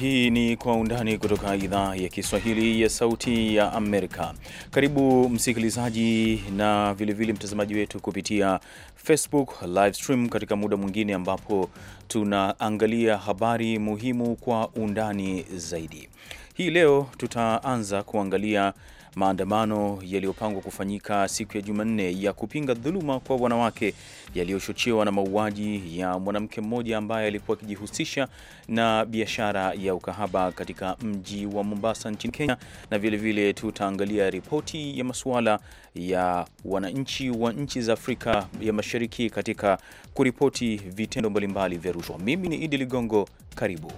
Hii ni Kwa Undani kutoka idhaa ya Kiswahili ya Sauti ya Amerika. Karibu msikilizaji na vilevile mtazamaji wetu kupitia Facebook live stream katika muda mwingine ambapo tunaangalia habari muhimu kwa undani zaidi. Hii leo tutaanza kuangalia maandamano yaliyopangwa kufanyika siku ya Jumanne ya kupinga dhuluma kwa wanawake yaliyochochewa na mauaji ya mwanamke mmoja ambaye alikuwa akijihusisha na biashara ya ukahaba katika mji wa Mombasa nchini Kenya, na vilevile tutaangalia ripoti ya masuala ya wananchi wa nchi za Afrika ya Mashariki katika kuripoti vitendo mbalimbali vya rushwa. Mimi ni Idi Ligongo, karibu.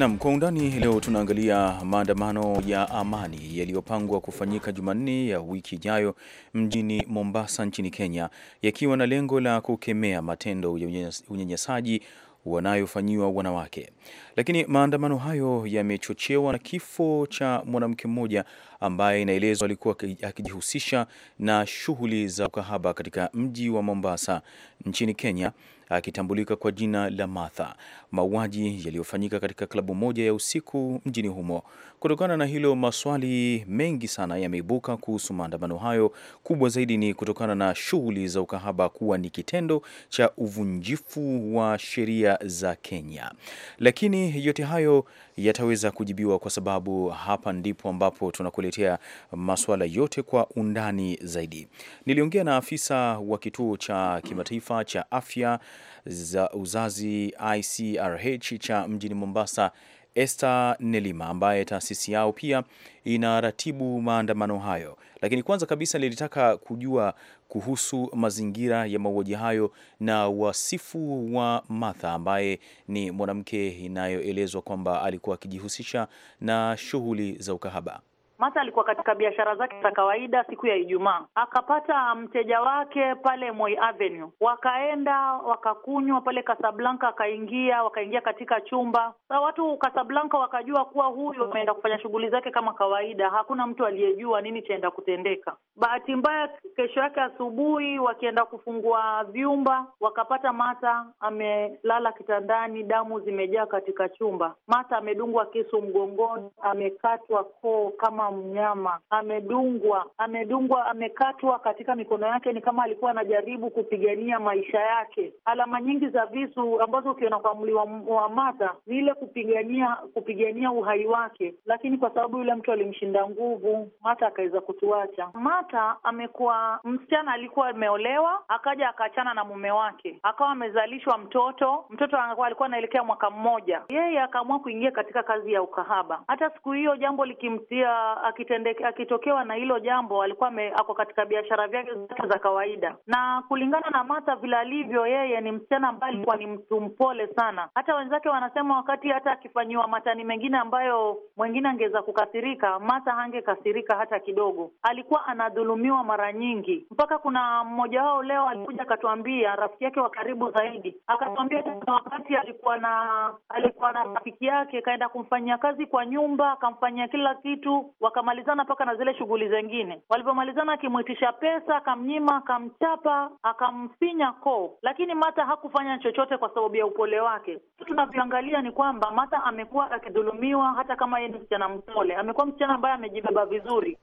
Nam kwa undani leo tunaangalia maandamano ya amani yaliyopangwa kufanyika Jumanne ya wiki ijayo mjini Mombasa nchini Kenya, yakiwa na lengo la kukemea matendo ya unyanyasaji wanayofanyiwa wanawake. Lakini maandamano hayo yamechochewa na kifo cha mwanamke mmoja ambaye inaelezwa alikuwa akijihusisha na shughuli za ukahaba katika mji wa Mombasa nchini Kenya akitambulika kwa jina la Martha, mauaji yaliyofanyika katika klabu moja ya usiku mjini humo. Kutokana na hilo, maswali mengi sana yameibuka kuhusu maandamano hayo. Kubwa zaidi ni kutokana na shughuli za ukahaba kuwa ni kitendo cha uvunjifu wa sheria za Kenya. Lakini yote hayo yataweza kujibiwa, kwa sababu hapa ndipo ambapo tunakuletea masuala yote kwa undani zaidi. Niliongea na afisa wa kituo cha kimataifa cha afya za uzazi ICRH cha mjini Mombasa Esther Nelima ambaye taasisi yao pia inaratibu maandamano hayo. Lakini kwanza kabisa nilitaka kujua kuhusu mazingira ya mauaji hayo na wasifu wa Martha ambaye ni mwanamke inayoelezwa kwamba alikuwa akijihusisha na shughuli za ukahaba. Mata alikuwa katika biashara zake za kawaida siku ya Ijumaa, akapata mteja wake pale Moi Avenue, wakaenda wakakunywa pale Casablanca, akaingia wakaingia katika chumba. Sa watu Casablanca wakajua kuwa huyu ameenda kufanya shughuli zake kama kawaida, hakuna mtu aliyejua nini chaenda kutendeka. Bahati mbaya, kesho yake asubuhi wakienda kufungua vyumba, wakapata Mata amelala kitandani, damu zimejaa katika chumba. Mata amedungwa kisu mgongoni, amekatwa koo kama mnyama, amedungwa, amedungwa, amekatwa katika mikono yake, ni kama alikuwa anajaribu kupigania maisha yake. Alama nyingi za visu ambazo ukiona kwa mli wa mata ni ile kupigania kupigania uhai wake, lakini kwa sababu yule mtu alimshinda nguvu, mata akaweza kutuacha. mata amekuwa msichana, alikuwa ameolewa, akaja akaachana na mume wake, akawa amezalishwa mtoto. Mtoto alikuwa anaelekea mwaka mmoja, yeye akaamua kuingia katika kazi ya ukahaba. Hata siku hiyo jambo likimtia akitendeke, akitokewa na hilo jambo alikuwa ako katika biashara vyake zake za kawaida, na kulingana na Mata vile alivyo yeye, ni msichana ambaye alikuwa ni mtu mpole sana. Hata wenzake wanasema wakati hata akifanyiwa matani mengine ambayo mwengine angeweza kukasirika, Mata hangekasirika hata kidogo. Alikuwa anadhulumiwa mara nyingi, mpaka kuna mmoja wao leo alikuja akatuambia, rafiki yake wa karibu zaidi akatuambia kuna wakati alikuwa na alikuwa na rafiki yake kaenda kumfanyia kazi kwa nyumba, akamfanyia kila kitu wakamalizana mpaka na zile shughuli zengine. Walivyomalizana, akimwitisha pesa, akamnyima, akamchapa, akamfinya koo, lakini Mata hakufanya chochote kwa sababu ya upole wake. Tunavyoangalia ni kwamba Mata amekuwa akidhulumiwa, hata kama yeye ni msichana mpole, amekuwa msichana ambaye amejibeba vizuri.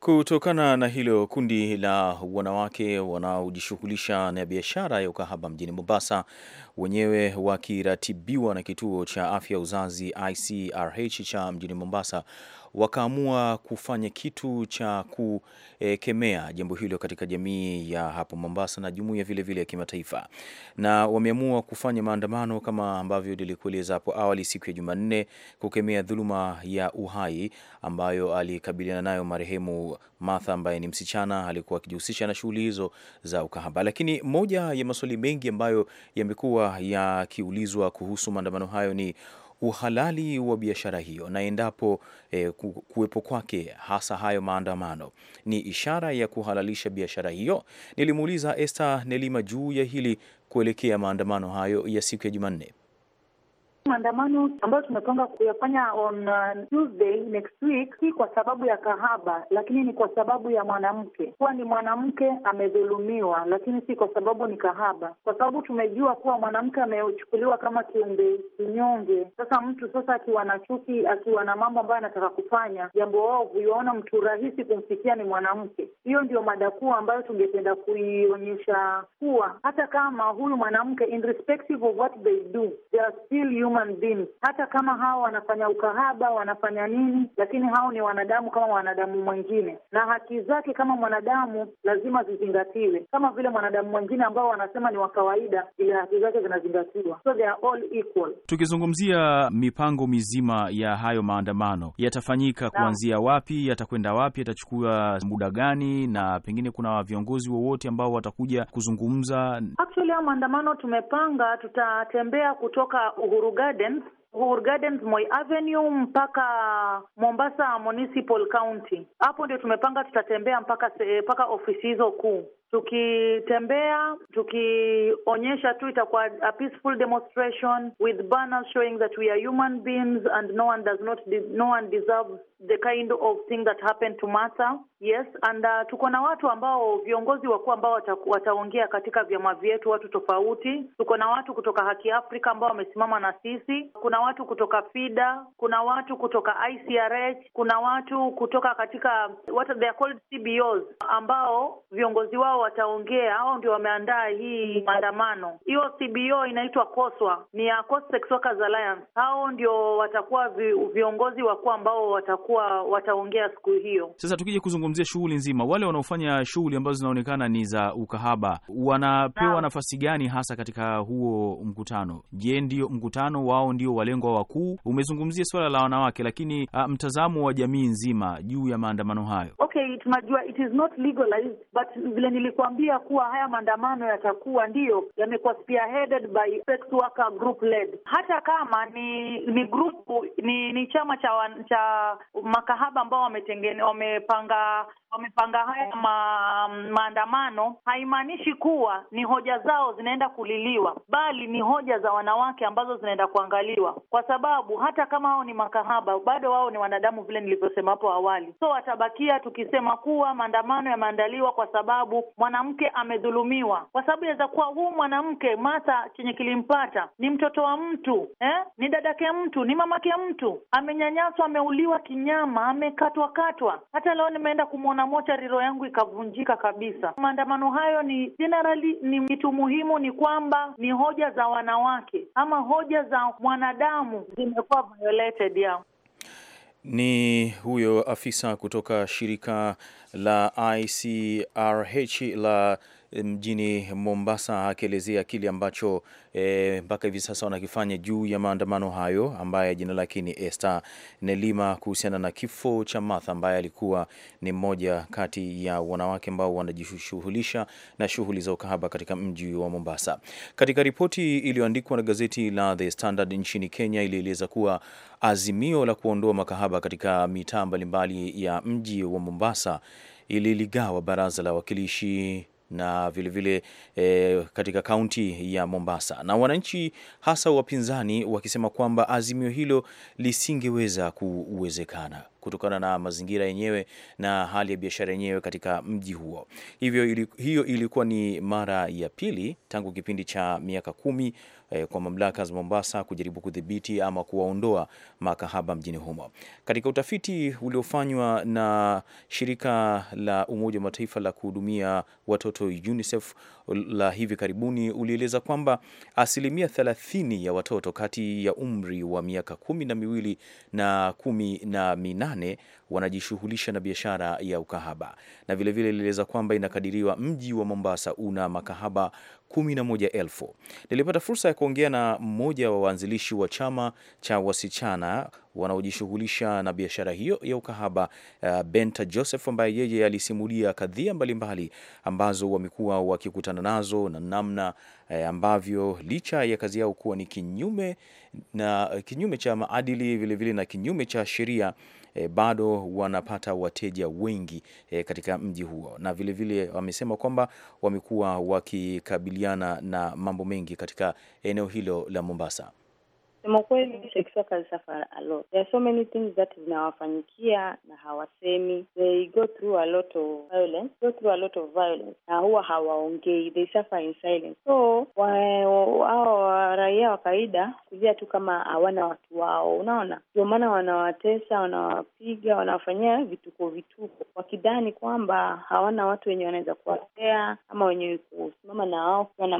Kutokana na hilo, kundi la wanawake wanaojishughulisha na biashara ya ukahaba mjini Mombasa, wenyewe wakiratibiwa na kituo cha afya uzazi ICRH cha mjini Mombasa, wakaamua kufanya kitu cha kukemea jambo hilo katika jamii ya hapo Mombasa na jumuiya vile vile ya kimataifa, na wameamua kufanya maandamano kama ambavyo nilikueleza hapo awali, siku ya Jumanne, kukemea dhuluma ya uhai ambayo alikabiliana nayo marehemu Martha, ambaye ni msichana alikuwa akijihusisha na shughuli hizo za ukahaba. Lakini moja ya maswali mengi ambayo yamekuwa yakiulizwa kuhusu maandamano hayo ni uhalali wa biashara hiyo na endapo e, kuwepo kwake hasa hayo maandamano ni ishara ya kuhalalisha biashara hiyo. Nilimuuliza Esther Nelima juu ya hili kuelekea maandamano hayo ya siku ya Jumanne. Maandamano ambayo tumepanga kuyafanya on uh, Tuesday next week si kwa sababu ya kahaba, lakini ni kwa sababu ya mwanamke kuwa ni mwanamke amedhulumiwa, lakini si kwa sababu ni kahaba, kwa sababu tumejua kuwa mwanamke amechukuliwa kama kiumbe kinyonge. Sasa mtu sasa akiwa na chuki, akiwa na mambo ambayo anataka kufanya jambo wao huiona mtu rahisi kumfikia ni mwanamke. Hiyo ndio mada kuu ambayo tungependa kuionyesha kuwa hata kama huyu mwanamke of what they do they are still human human Hata kama hao wanafanya ukahaba, wanafanya nini, lakini hao ni wanadamu kama wanadamu mwingine, na haki zake kama mwanadamu lazima zizingatiwe kama vile mwanadamu mwingine ambao wanasema ni wa kawaida, ile haki zake zinazingatiwa. So they are all equal. Tukizungumzia mipango mizima ya hayo maandamano, yatafanyika kuanzia wapi, yatakwenda wapi, yatachukua muda gani, na pengine kuna viongozi wowote ambao watakuja kuzungumza? Actually, maandamano tumepanga, tutatembea kutoka Uhuru Gardens, Uhuru Gardens, Moi Avenue mpaka Mombasa Municipal County. Hapo ndio tumepanga tutatembea mpaka mpaka ofisi hizo kuu tukitembea tukionyesha tu itakuwa a peaceful demonstration with banners showing that we are human beings and no one does not de no one deserves the kind of thing that happened to matter Yes, and uh, tuko na watu ambao viongozi wakuu ambao wataongea wata katika vyama vyetu, watu tofauti. Tuko na watu kutoka Haki Afrika ambao wamesimama na sisi, kuna watu kutoka FIDA, kuna watu kutoka ICRH, kuna watu kutoka katika what they are called CBOs ambao viongozi wao ambao wataongea, hao ndio wameandaa hii maandamano. Hiyo CBO inaitwa KOSWA, ni ya Coast Sex Workers Alliance. Hao ndio watakuwa vi, viongozi wakuu ambao watakuwa wataongea siku hiyo. Sasa tukija kuzungumzia shughuli nzima, wale wanaofanya shughuli ambazo zinaonekana ni za ukahaba wanapewa na nafasi gani hasa katika huo mkutano? Je, ndio mkutano wao ndio walengwa wakuu? Umezungumzia suala la wanawake, lakini uh, mtazamo wa jamii nzima juu ya maandamano hayo. Okay, tunajua it is not legalized but vile nilikwambia kuwa haya maandamano yatakuwa ndiyo yamekuwa spearheaded by sex worker group led. Hata kama ni ni grupu ni, ni chama cha, cha makahaba ambao wametengene wamepanga wamepanga haya ma, maandamano haimaanishi kuwa ni hoja zao zinaenda kuliliwa, bali ni hoja za wanawake ambazo zinaenda kuangaliwa, kwa sababu hata kama hao ni makahaba, bado wao ni wanadamu, vile nilivyosema hapo awali. So watabakia tukisema kuwa maandamano yameandaliwa kwa sababu mwanamke amedhulumiwa, kwa sababu yaweza kuwa huu mwanamke Martha chenye kilimpata ni mtoto wa mtu eh? ni dadake mtu, ni mamake mtu, amenyanyaswa, ameuliwa kinyama, amekatwakatwa. Hata leo nimeenda kumwona moja riro yangu ikavunjika kabisa. Maandamano hayo ni generally, ni kitu muhimu ni kwamba ni hoja za wanawake ama hoja za mwanadamu zimekuwa violated ya ni huyo afisa kutoka shirika la ICRH la mjini Mombasa akielezea kile ambacho eh, mpaka e, hivi sasa wanakifanya juu ya maandamano hayo, ambaye jina lake ni Esther Nelima, kuhusiana na kifo cha Martha ambaye alikuwa ni mmoja kati ya wanawake ambao wanajishughulisha na shughuli za ukahaba katika mji wa Mombasa. Katika ripoti iliyoandikwa na gazeti la The Standard nchini Kenya, ilieleza kuwa azimio la kuondoa makahaba katika mitaa mbalimbali ya mji wa Mombasa ililigawa baraza la wakilishi na vilevile vile, e, katika kaunti ya Mombasa, na wananchi hasa wapinzani wakisema kwamba azimio hilo lisingeweza kuwezekana kutokana na mazingira yenyewe na hali ya biashara yenyewe katika mji huo. Hivyo ili, hiyo ilikuwa ni mara ya pili tangu kipindi cha miaka kumi eh, kwa mamlaka za Mombasa kujaribu kudhibiti ama kuwaondoa makahaba mjini humo. Katika utafiti uliofanywa na shirika la Umoja wa Mataifa la kuhudumia watoto UNICEF la hivi karibuni ulieleza kwamba asilimia 30 ya watoto kati ya umri wa miaka kumi na miwili na kumi na minane wanajishughulisha na biashara ya ukahaba, na vilevile ilieleza kwamba inakadiriwa mji wa Mombasa una makahaba 11,000. Nilipata fursa ya kuongea na mmoja wa waanzilishi wa chama cha wasichana wanaojishughulisha na biashara hiyo ya ukahaba uh, Benta Joseph ambaye yeye alisimulia kadhia mbalimbali ambazo wamekuwa wakikutana nazo na namna eh, ambavyo licha ya kazi yao kuwa ni kinyume na eh, kinyume cha maadili vilevile vile na kinyume cha sheria e, bado wanapata wateja wengi e, katika mji huo, na vilevile wamesema kwamba wamekuwa wakikabiliana na mambo mengi katika eneo hilo la Mombasa. Sema kweli, sex workers suffer a lot. There are so many things that zinawafanyikia na hawasemi. They go through a lot of violence, go through a lot of violence na huwa hawaongei, they suffer in silence. So hao raia wa kawaida kujia tu kama hawana watu wao, unaona, ndio maana wanawatesa, wanawapiga, wanawafanyia vituko vituko, wakidhani kwamba hawana watu wenye wanaweza kuwatea ama wenye kusimama na wao kuwa na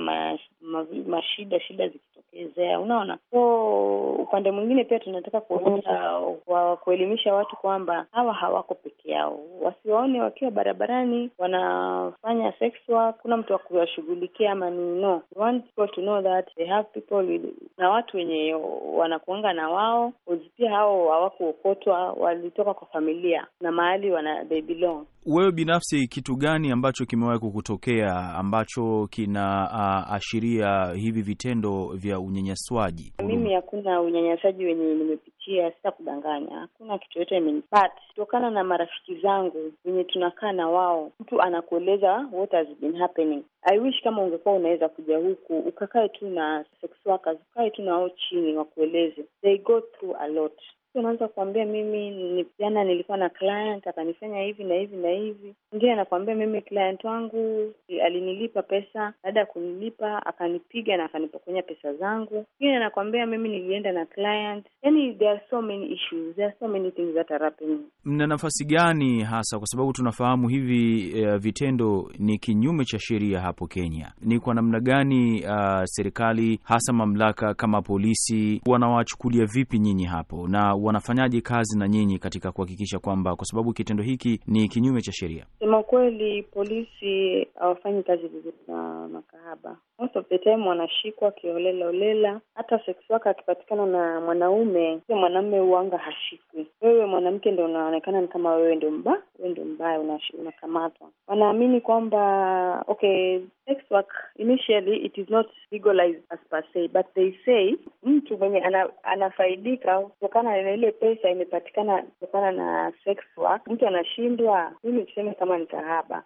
mashida shida zikitu kuchezea, unaona. So upande mwingine pia tunataka kuonyesha kwa kuelimisha watu kwamba hawa hawako peke yao, wasiwaone wakiwa barabarani wanafanya sex work, kuna mtu wa kuwashughulikia ama ni no, we want people to know that they have people with, na watu wenye wanakuanga na wao pia hao hawakuokotwa walitoka kwa familia na mahali wana they belong wewe binafsi kitu gani ambacho kimewahi kukutokea ambacho kinaashiria uh, hivi vitendo vya unyanyaswaji? Mimi hakuna unyanyasaji wenye nimepitia, sita kudanganya, hakuna kitu yote imenipata kutokana na marafiki zangu wenye tunakaa na wao. Mtu anakueleza what has been happening. I wish kama ungekuwa unaweza kuja huku ukakae tu na sex workers, ukae tu wao chini wakueleze, they go through a lot unaanza kuambia mimi ni jana nilikuwa na client akanifanya hivi na hivi na hivi. Mwingine anakuambia mimi client wangu eh, alinilipa pesa, baada ya kunilipa akanipiga na akanipokonya pesa zangu. Mwingine anakuambia mimi nilienda na client. Yani there are so many issues, there are so many things that are happening. Mna nafasi gani hasa, kwa sababu tunafahamu hivi uh, vitendo ni kinyume cha sheria hapo Kenya. Ni kwa namna gani uh, serikali hasa mamlaka kama polisi wanawachukulia vipi nyinyi hapo na wanafanyaje kazi na nyinyi katika kuhakikisha kwamba, kwa sababu kitendo hiki ni kinyume cha sheria? Sema kweli, polisi hawafanyi kazi vizuri na makahaba. Most of the time wanashikwa kiolela Hata sex worker akipatikana na mwanaume, mwanaume uanga hashikwi. Wewe mwanamke ndo unaonekana ni kama wewe ndo mba wewe ndo mbaya, unakamatwa. Wanaamini kwamba okay, sex work initially it is not legalized as per se, but they say mtu mwenye ana, anafaidika kutokana na ile pesa imepatikana kutokana na sex work, mtu anashindwa. Mimi tuseme kama ni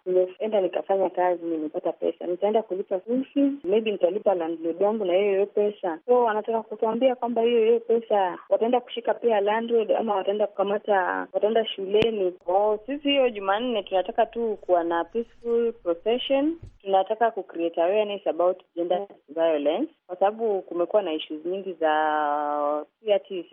nimeenda nikafanya kazi, nimepata pesa, nitaenda kulipa school maybe nitalipa landlord yangu na hiyo hiyo pesa. So wanataka kutuambia kwamba hiyo hiyo pesa wataenda kushika pia landlord, ama wataenda kukamata, wataenda shuleni. Oh, sisi hiyo Jumanne tunataka tu kuwa na peaceful procession, tunataka ku create awareness about gender violence, kwa sababu kumekuwa na issues nyingi za pia ti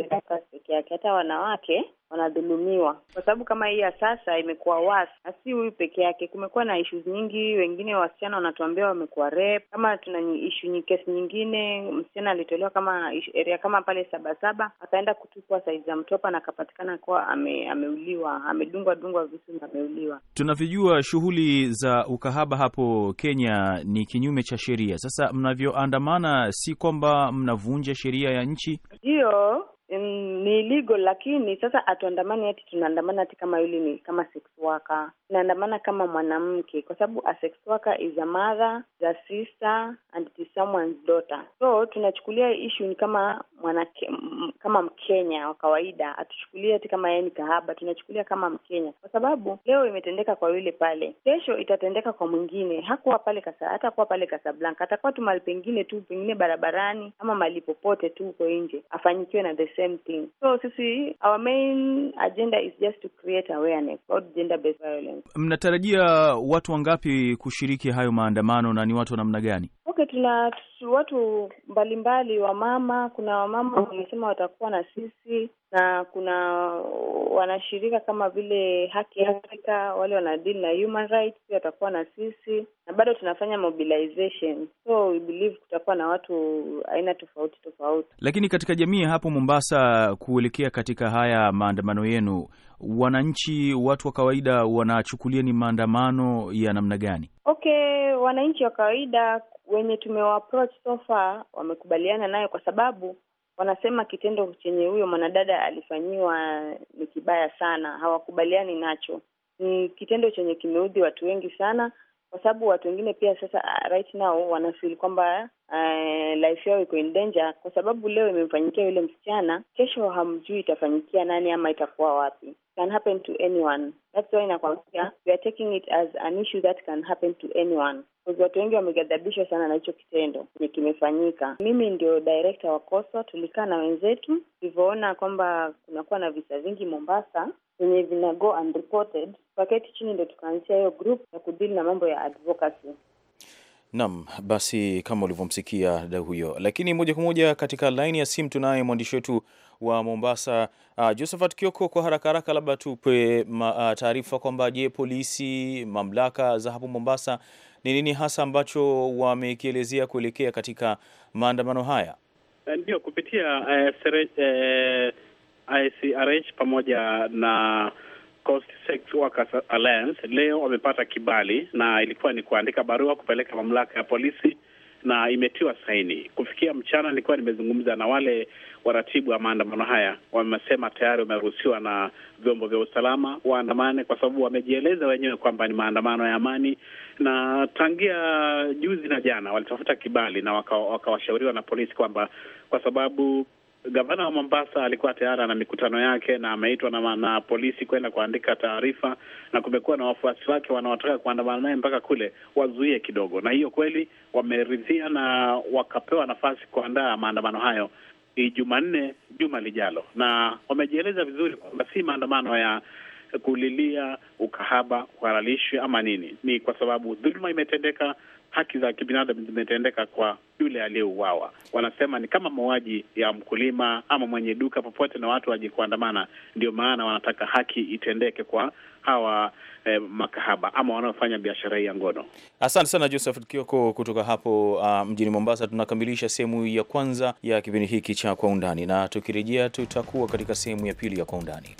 peke yake wanawake, hata wanawake wanadhulumiwa kwa sababu kama hii ya sasa imekuwa wasi, na si huyu peke yake. Kumekuwa na issues nyingi, wengine wasichana wanatuambia wamekuwa rep. Kama tuna issue kesi nyingine, msichana alitolewa kama area kama pale Sabasaba, akaenda kutupwa saizi za Mtopa na akapatikana kuwa ame, ameuliwa amedungwa dungwa visu na ameuliwa. Tunavyojua shughuli za ukahaba hapo Kenya ni kinyume cha sheria. Sasa mnavyoandamana, si kwamba mnavunja sheria ya nchi, ndio ni illegal lakini sasa atuandamani ati tunaandamana ati kama yule ni kama sex worker, tunaandamana kama mwanamke, kwa sababu a sex worker is a mother, the sister and it is someone's daughter. So tunachukulia issue ni kama mwanake, kama Mkenya wa kawaida, atuchukulia ati kama yeye ni kahaba, tunachukulia kama Mkenya kwa sababu leo imetendeka kwa yule pale, kesho itatendeka kwa mwingine. Hakuwa pale kasa, kuwa pale Casablanca, atakuwa tu mahali pengine tu, pengine barabarani ama mali popote tu huko nje, afanyikiwe na the same thing. So sisi our main agenda is just to create awareness about gender based violence. Mnatarajia watu wangapi kushiriki hayo maandamano na ni watu wa namna gani? Okay, tuna watu mbalimbali, wa mama Kuna wamama oh. wamesema watakuwa na sisi, na kuna wanashirika kama vile Haki afrika wale wanadili na human rights pia watakuwa na sisi, na bado tunafanya mobilization, so we believe kutakuwa na watu aina tofauti tofauti. Lakini katika jamii hapo Mombasa, kuelekea katika haya maandamano yenu, wananchi, watu wa kawaida wanachukulia ni maandamano ya namna gani? Okay, wananchi wa kawaida wenye tumewaproach so far wamekubaliana nayo, kwa sababu wanasema kitendo chenye huyo mwanadada alifanyiwa ni kibaya sana, hawakubaliani nacho. Ni kitendo chenye kimeudhi watu wengi sana, kwa sababu watu wengine pia sasa ah, right now wanafeel kwamba uh, life yao iko in danger, kwa sababu leo imemfanyikia yule msichana, kesho hamjui itafanyikia nani ama itakuwa wapi. Can happen to anyone, that's why nakwambia we are taking it as an issue that can happen to anyone. Watu wengi wamegadhabishwa sana na hicho kitendo kenye kimefanyika. Mimi ndio director wa Koso, tulikaa na wenzetu tulivyoona kwamba kunakuwa na visa vingi Mombasa vyenye vina go unreported, paketi chini ndo tukaanzia hiyo group ya kudili na mambo ya advocacy. Naam, basi kama ulivyomsikia da huyo. Lakini moja kwa moja katika laini ya simu tunaye mwandishi wetu wa Mombasa, uh, Josephat Kioko. Kwa haraka haraka, labda tupe uh, taarifa kwamba, je, polisi, mamlaka za hapo Mombasa ni nini hasa ambacho wamekielezea kuelekea katika maandamano haya? Eh, ndio, kupitia uh, sere, uh, ICRH pamoja na Coast Sex Workers Alliance leo wamepata kibali, na ilikuwa ni kuandika barua kupeleka mamlaka ya polisi na imetiwa saini. Kufikia mchana, nilikuwa nimezungumza na wale waratibu wa maandamano haya, wamesema tayari wameruhusiwa na vyombo vya usalama waandamane, kwa sababu wamejieleza wenyewe kwamba ni maandamano ya amani, na tangia juzi na jana walitafuta kibali na wakawashauriwa waka na polisi kwamba kwa sababu Gavana wa Mombasa alikuwa tayari ana mikutano yake na ameitwa na, na polisi kwenda kuandika taarifa, na kumekuwa na wafuasi wake wanaotaka kuandamana naye mpaka kule, wazuie kidogo. Na hiyo kweli wameridhia na wakapewa nafasi kuandaa maandamano hayo Jumanne juma lijalo, na wamejieleza vizuri kwamba si maandamano ya kulilia ukahaba, uhalalishi ama nini, ni kwa sababu dhuluma imetendeka haki za kibinadamu zimetendeka kwa yule aliyeuawa. Wanasema ni kama mauaji ya mkulima ama mwenye duka popote, na watu waje kuandamana. Ndio maana wanataka haki itendeke kwa hawa eh, makahaba ama wanaofanya biashara hii ya ngono. Asante sana Joseph Kioko kutoka hapo uh, mjini Mombasa. Tunakamilisha sehemu ya kwanza ya kipindi hiki cha Kwa Undani, na tukirejea tutakuwa katika sehemu ya pili ya Kwa Undani.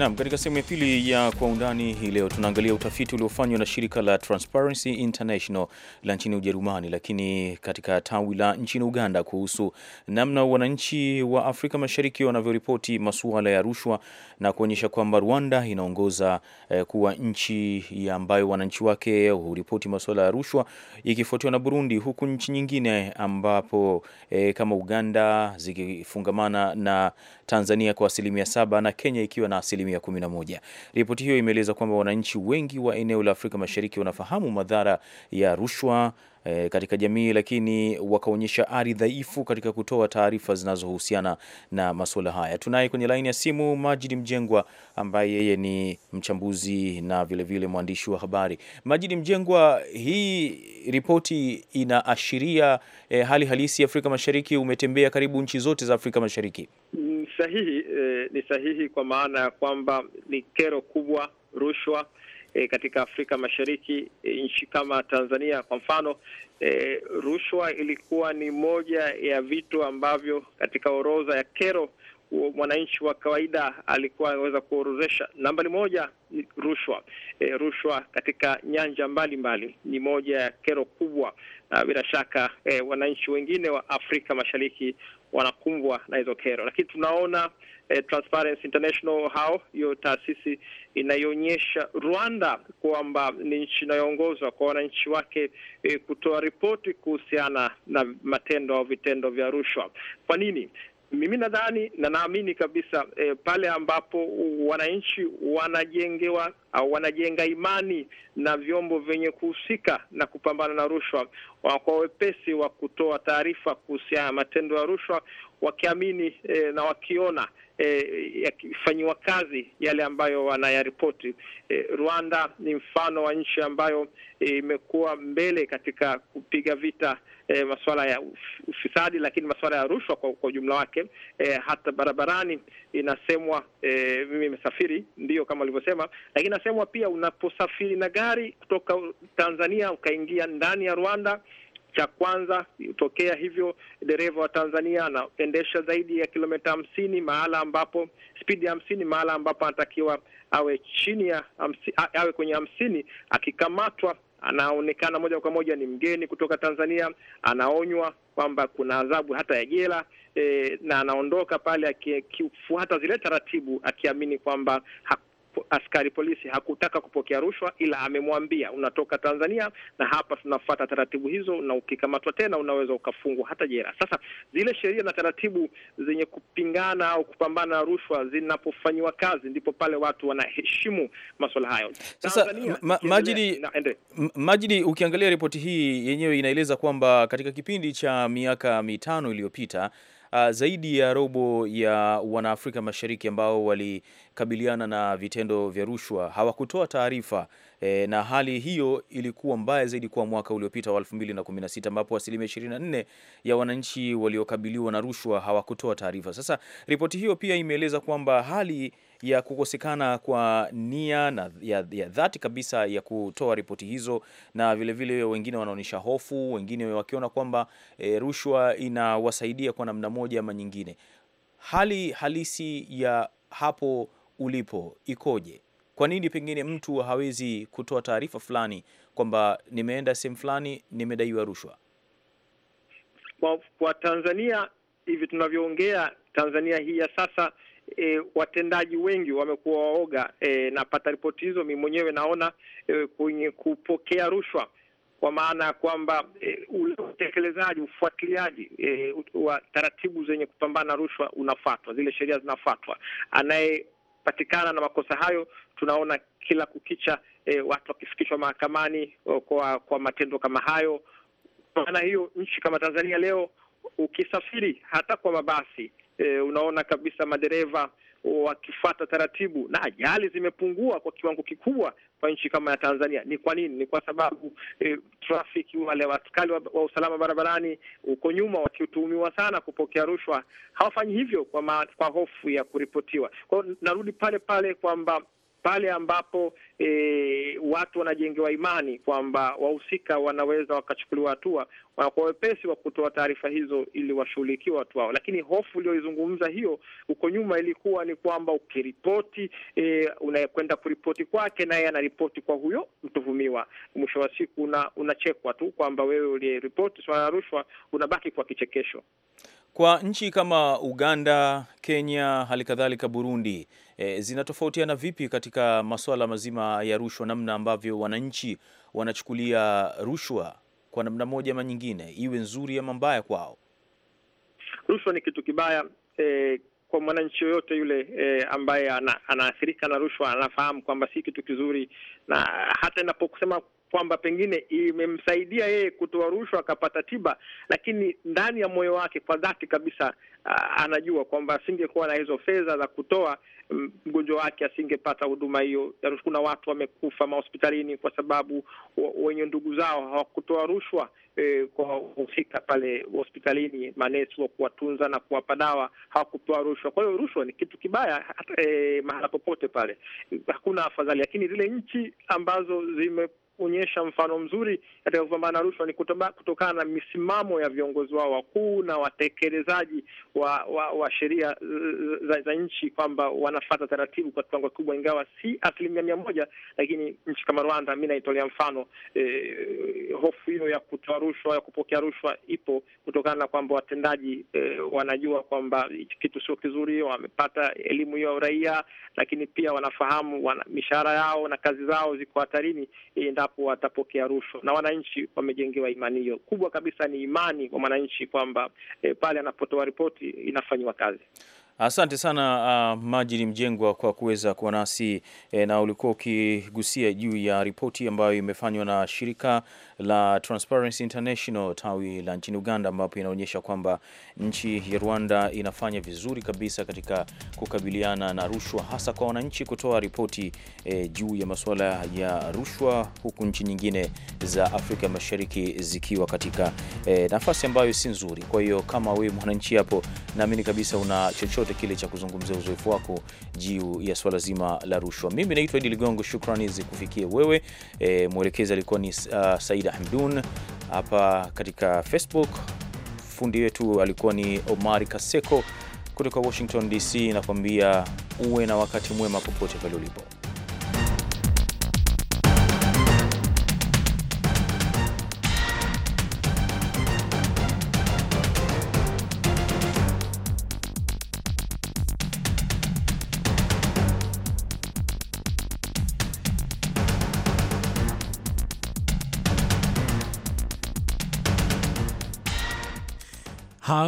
Naam, katika sehemu ya pili ya kwa undani hii leo tunaangalia utafiti uliofanywa na shirika la Transparency International la nchini Ujerumani, lakini katika tawi la nchini Uganda kuhusu namna wananchi wa Afrika Mashariki wanavyoripoti masuala ya rushwa na kuonyesha kwamba Rwanda inaongoza eh, kuwa nchi ambayo wananchi wake huripoti masuala ya rushwa ikifuatiwa na Burundi, huku nchi nyingine ambapo eh, kama Uganda zikifungamana na Tanzania kwa asilimia saba na Kenya ikiwa na asilimia asilimia 11. Ripoti hiyo imeeleza kwamba wananchi wengi wa eneo la Afrika Mashariki wanafahamu madhara ya rushwa E, katika jamii lakini wakaonyesha ari dhaifu katika kutoa taarifa zinazohusiana na masuala haya. Tunaye kwenye laini ya simu Majidi Mjengwa ambaye yeye ni mchambuzi na vilevile mwandishi wa habari. Majidi Mjengwa, hii ripoti inaashiria e, hali halisi Afrika Mashariki. Umetembea karibu nchi zote za Afrika Mashariki ni sahihi eh, ni sahihi kwa maana ya kwamba ni kero kubwa rushwa E, katika Afrika Mashariki e, nchi kama Tanzania kwa mfano e, rushwa ilikuwa ni moja ya vitu ambavyo katika orodha ya kero mwananchi wa kawaida alikuwa anaweza kuorozesha. Nambari moja ni rushwa. E, rushwa katika nyanja mbalimbali mbali ni moja ya kero kubwa, na bila shaka e, wananchi wengine wa Afrika Mashariki wanakumbwa na hizo kero, lakini tunaona eh, Transparency International hao, hiyo taasisi inayoonyesha Rwanda kwamba ni nchi inayoongozwa kwa wananchi wake eh, kutoa ripoti kuhusiana na matendo au vitendo vya rushwa. Kwa nini? Mimi nadhani na naamini kabisa eh, pale ambapo wananchi wanajengewa au wanajenga imani na vyombo vyenye kuhusika na kupambana na rushwa, kwa wepesi wa kutoa taarifa kuhusiana na matendo ya rushwa, wakiamini eh, na wakiona eh, yakifanyiwa kazi yale ambayo wanayaripoti. Eh, Rwanda ni mfano wa nchi ambayo eh, imekuwa eh, mbele katika kupiga vita eh, masuala ya ufisadi, lakini masuala ya rushwa kwa, kwa ujumla wake. Eh, hata barabarani inasemwa, eh, mimi nimesafiri ndio kama ulivyosema, lakini inasemwa pia unaposafiri na gari kutoka Tanzania ukaingia ndani ya Rwanda cha kwanza hutokea hivyo. Dereva wa Tanzania anaendesha zaidi ya kilomita hamsini mahala ambapo spidi ya hamsini mahala ambapo anatakiwa awe chini ya hamsini, awe kwenye hamsini. Akikamatwa anaonekana moja kwa moja ni mgeni kutoka Tanzania, anaonywa kwamba kuna adhabu hata ya jela e, na anaondoka pale akifuata zile taratibu akiamini kwamba askari polisi hakutaka kupokea rushwa, ila amemwambia unatoka Tanzania na hapa tunafuata taratibu hizo, na ukikamatwa tena unaweza ukafungwa hata jela. Sasa zile sheria na taratibu zenye kupingana au kupambana na rushwa zinapofanyiwa kazi, ndipo pale watu wanaheshimu masuala hayo. Sasa ma Majidi, Majidi, ukiangalia ripoti hii yenyewe inaeleza kwamba katika kipindi cha miaka mitano iliyopita uh, zaidi ya robo ya Wanaafrika Mashariki ambao walikabiliana na vitendo vya rushwa hawakutoa taarifa e, na hali hiyo ilikuwa mbaya zaidi kwa mwaka uliopita wa 2016 ambapo asilimia 24 ya wananchi waliokabiliwa na rushwa hawakutoa taarifa. Sasa ripoti hiyo pia imeeleza kwamba hali ya kukosekana kwa nia na ya, ya dhati kabisa ya kutoa ripoti hizo, na vilevile vile wengine wanaonyesha hofu, wengine wakiona kwamba e, rushwa inawasaidia kwa namna moja ama nyingine. Hali halisi ya hapo ulipo ikoje? Kwa nini pengine mtu hawezi kutoa taarifa fulani kwamba nimeenda sehemu fulani nimedaiwa rushwa? Kwa, kwa Tanzania hivi tunavyoongea, Tanzania hii ya sasa E, watendaji wengi wamekuwa waoga. E, napata ripoti hizo mimi mwenyewe naona e, kwenye kupokea rushwa, kwa maana ya kwamba e, ule utekelezaji, ufuatiliaji e, wa taratibu zenye kupambana rushwa unafatwa zile sheria zinafatwa anaye patikana na makosa hayo, tunaona kila kukicha e, watu wakifikishwa mahakamani eh, kwa kwa matendo kama hayo. Kwa maana hiyo, nchi kama Tanzania leo ukisafiri hata kwa mabasi e, unaona kabisa madereva wakifata taratibu, na ajali zimepungua kwa kiwango kikubwa kwa nchi kama ya Tanzania. Ni kwa nini? Ni kwa sababu eh, trafiki wale waskali wa, wa usalama barabarani huko nyuma wakituhumiwa sana kupokea rushwa hawafanyi hivyo kwa, ma, kwa hofu ya kuripotiwa. kwao narudi pale pale kwamba pale ambapo e, watu wanajengewa imani kwamba wahusika wanaweza wakachukuliwa hatua, wanakuwa wepesi wa kutoa taarifa hizo ili washughulikiwa watu wao. Lakini hofu uliyoizungumza hiyo, huko nyuma ilikuwa ni kwamba ukiripoti, e, unayekwenda kuripoti kwake naye anaripoti kwa huyo mtuhumiwa, mwisho wa siku una, unachekwa tu kwamba wewe uliyeripoti swala la rushwa, unabaki kwa kichekesho. Kwa nchi kama Uganda, Kenya, hali kadhalika Burundi e, zinatofautiana vipi katika masuala mazima ya rushwa, namna ambavyo wananchi wanachukulia rushwa kwa namna moja ama nyingine, iwe nzuri ama mbaya kwao? Rushwa ni kitu kibaya e, kwa mwananchi yoyote yule e, ambaye ana, anaathirika na rushwa anafahamu kwamba si kitu kizuri, na hata inapokusema kwamba pengine imemsaidia yeye kutoa rushwa akapata tiba, lakini ndani ya moyo wake kwa dhati kabisa uh, anajua kwamba asingekuwa na hizo fedha za kutoa mgonjwa wake asingepata huduma hiyo. Yaani kuna watu wamekufa mahospitalini kwa sababu wenye ndugu zao hawakutoa rushwa e, kwa kufika pale hospitalini, manesi wa kuwatunza na kuwapa dawa hawakutoa rushwa. Kwa hiyo rushwa ni kitu kibaya hata, e, mahala popote pale, hakuna afadhali. Lakini zile nchi ambazo zime kuonyesha mfano mzuri katika kupambana na rushwa ni kutokana na misimamo ya viongozi wao wakuu na watekelezaji wa, wa, wa sheria za, za nchi kwamba wanafata taratibu kwa kiwango kikubwa, ingawa si asilimia mia moja, lakini nchi kama Rwanda, mi naitolea mfano eh, hofu hiyo ya kutoa rushwa ya kupokea rushwa ipo kutokana na kwamba watendaji eh, wanajua kwamba kitu sio kizuri, wamepata elimu hiyo ya uraia, lakini pia wanafahamu wana, mishahara yao na kazi zao ziko hatarini eh, endapo endapo watapokea rushwa, na wananchi wamejengewa imani hiyo. Kubwa kabisa ni imani kwa mwananchi kwamba e, pale anapotoa ripoti inafanyiwa kazi. Asante sana uh, Majini Mjengwa kwa kuweza kuwa nasi eh, na ulikuwa ukigusia juu ya ripoti ambayo imefanywa na shirika la Transparency International tawi la nchini Uganda, ambapo inaonyesha kwamba nchi ya Rwanda inafanya vizuri kabisa katika kukabiliana na rushwa, hasa kwa wananchi kutoa ripoti e, juu ya masuala ya rushwa, huku nchi nyingine za Afrika Mashariki zikiwa katika e, nafasi ambayo si nzuri. Kwa hiyo kama wewe mwananchi hapo, naamini kabisa una chochote kile cha kuzungumzia uzoefu wako juu ya swala zima la rushwa. Mimi naitwa Idi Ligongo, shukrani zikufikie wewe. E, mwelekezi alikuwa ni uh, Saida Hamdun. Hapa katika Facebook fundi wetu alikuwa ni Omari Kaseko kutoka Washington DC, nakwambia uwe na wakati mwema popote pale ulipo.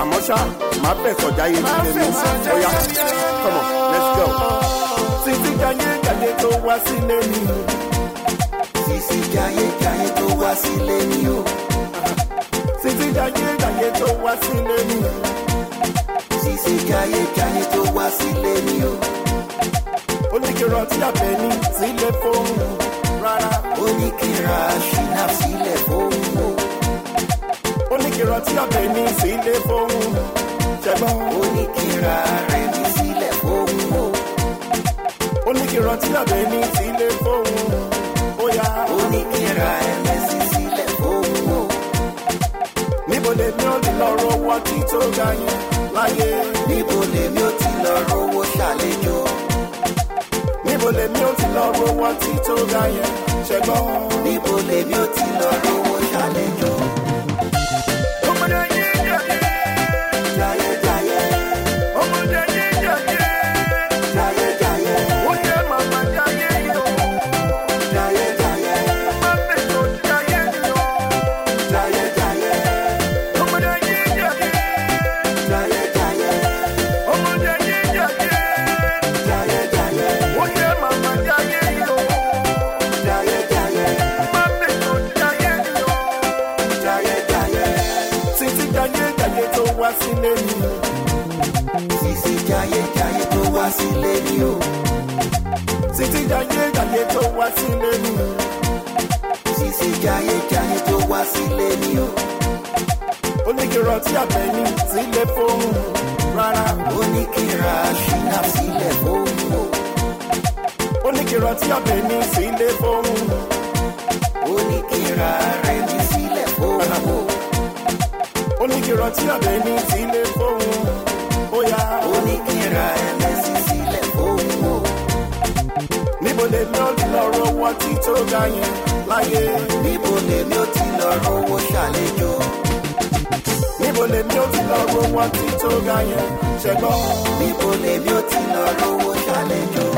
àmọ́ ṣá máa fẹ̀ sọ̀já yé ti tèmi ọ̀yá come on let's go. Sisi jayé jayé tó wá sílé mi o. Sisi jayé jayé tó wá sílé mi o. Sisi jayé jayé tó wá sílé mi o. Sisi jayé jayé tó wá sílé mi o. Ó ní kí n rántí àbẹ̀ní sílé fóònù rárá. Ó ní sílẹ̀ fóònù o oníkìrọ̀ tí ọ̀bẹ ní sílé fóun. ṣẹgbọ́n oníkìrọ̀ rẹ ní sílé fóun o. oníkìrọ̀ tí ọ̀bẹ ní sílé fóun. ó yá oníkìrọ̀ ẹ̀mẹ́sì sílé fóun o. níbo lèmi ò ti lọ rówó tí tó ga yín láyé. níbo lèmi ò ti lọ rówó ṣàlejò. níbo lèmi ò ti lọ rówó tí tó ga yín ṣẹgbọ́n. níbo lèmi ò ti lọ rówó ṣàlejò. yo títí jayé jayé tó wá sílé ni o títí jayé jayé tó wá sílé ni o ó ní kí rántí àbẹ̀yìn sílé fóònù rárá ó ní kí ra ṣínà sílẹ̀ fóònù o ó ní kí rántí àbẹ̀yìn sílé fóònù ó ní kí ra rẹ̀ ní sílẹ̀ fóònù o ó ní kí rántí àbẹ̀yìn sílé fóònù ó yá ó ní kí ra sina sile foonu o o ni ki ranti abeyin sile foonu o ni re ni sile foonu o o ni ki ranti sile foonu o ya o ni ni wọ́n ti tó ga yẹn láyé. níbo lèmi ò ti lọ rówó ṣàlejò. níbo lèmi ò ti lọ rówó wọ́n ti tó ga yẹn ṣẹgbọ́n. níbo lèmi ò ti lọ rówó ṣàlejò.